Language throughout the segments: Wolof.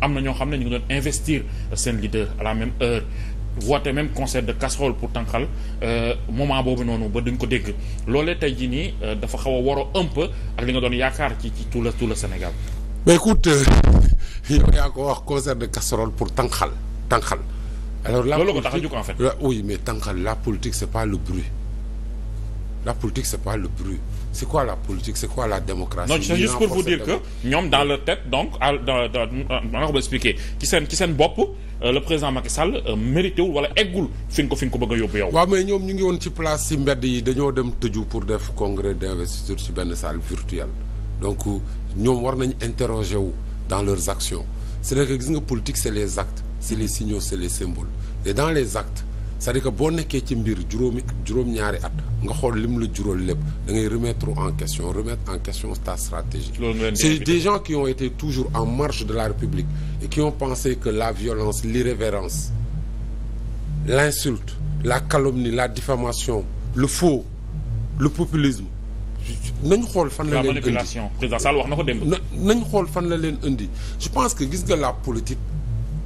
am na ñoo xam ne ñu ngi doon investir seen leader à la même heure woote même concert de casserole pour tànqal euh, moment boobu noonu ba duñ ko dégg loolee tey jii nii euh, dafa xaw a waroo un peu ak li nga doon yaakaar ci ci tout le tout le Sénégal. mais écoute euh, yow yaa ko wax concert de casserole pour tànqal tànqal. alors la loolu ko tax a jóg en fait. mais tànqal la politique c'est pas le bruit. la politique c'est pas le bruit c'est quoi la politique c'est quoi la démocratie. non c'est juste pour vous dire que ñoom dans leur tête donc à dans dans ma expliquer ci seen bopp euh, le président Macky Sall euh, mérité wul wala eggul fi nga ko fi nga ko bëgg a yóbbu yow. waaw mais ñoom ñu ngi woon ci place ci mbedd yi dañoo dem tëju pour def congrès d'investiture ci benn salle virtuelle donc ñoom war nañu interroger wu dans leurs actions c'est-à-dire que gis nga politique c'est les actes c'est les signaux c'est les symboles c'est-à-dire que boo nekkee ci mbir juróomi juróom-ñaari at nga xool lim la juróol lépp da ngay remettre en question remettre en question ta stratégie c'est des gens qui ont été toujours en marge de la République et qui ont pensé que la violence l'irrévérence l'insulte la calomnie la diffamation lu faux lu populisme nañ xool fan la leen indi président Sall na ko nañ xool fan la leen indi je pense que gis nga la politique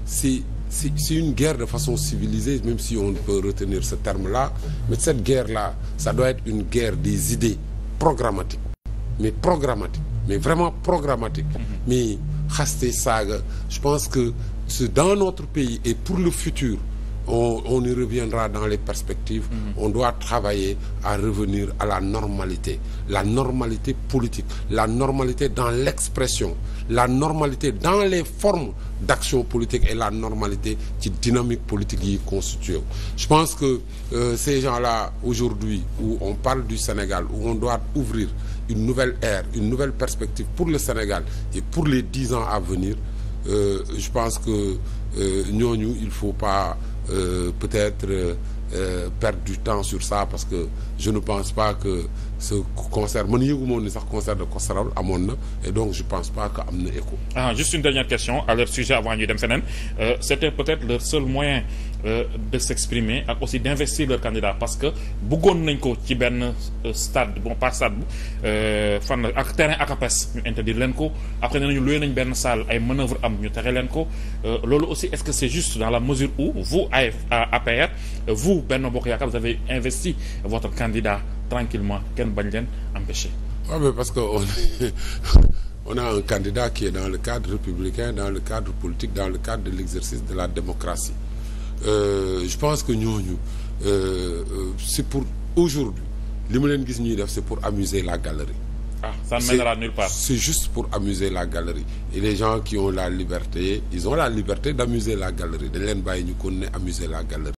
si c'est une guerre de façon civilisée, même si on peut retenir ce terme-là. Mais cette guerre-là, ça doit être une guerre des idées programmatiques. Mais programmatique. Mais vraiment programmatique. Mhm. Mais Khasté Saga, je pense que c'est dans notre pays et pour le futur, on on y reviendra dans les perspectives. Mm on doit travailler à revenir à la normalité la normalité politique la normalité dans l'expression la normalité dans les formes d'action politique et la normalité ci dynamique politique yi constitué je pense que euh, ces gens-là aujourd'hui où on parle du Sénégal où on doit ouvrir une nouvelle ère une nouvelle perspective pour le Sénégal et pour les dix ans à venir euh, je pense que euh, ñooñu euh, il faut pas Euh, peut-être euh, euh, perdre du temps sur ça parce que je ne pense pas que ce concert man yëgu moon ni sax concert de Costa amoon na et donc je pense pas que am na écho. ah juste une dernière question à leur sujet avant ñuy dem feneen euh, c'était peut-être leur seul moyen euh, de s'exprimer ak aussi d'investir leur candidat parce que bëggoon nañ ko ci benn euh, stade bon pas stade bu euh, fan ak terrain ACAPES ñu interdire leen ko après nee nañu loué nañ benn salle ay manœuvre am ñu texe leen ko loolu aussi est-ce que c'est juste dans la mesure où vous AF APR vous Benno Bokk Yaakaar vous investi votre candidat tranquillement kenn bañ leen empêcher. waaw mais parce que on on a un candidat qui est dans le cadre républicain dans le cadre politique dans le cadre de l'exercice de la démocratie euh, je pense que ñooñu euh, euh, c'est pour aujourd'hui li ma leen gis ñuy def c'est pour amuser la galerie. ah ça ne mènera nulle part. c'est juste pour amuser la galerie et les gens qui ont la liberté ils ont la liberté d'amuser la galerie dañ leen bàyyi ñu kon amuser la galerie.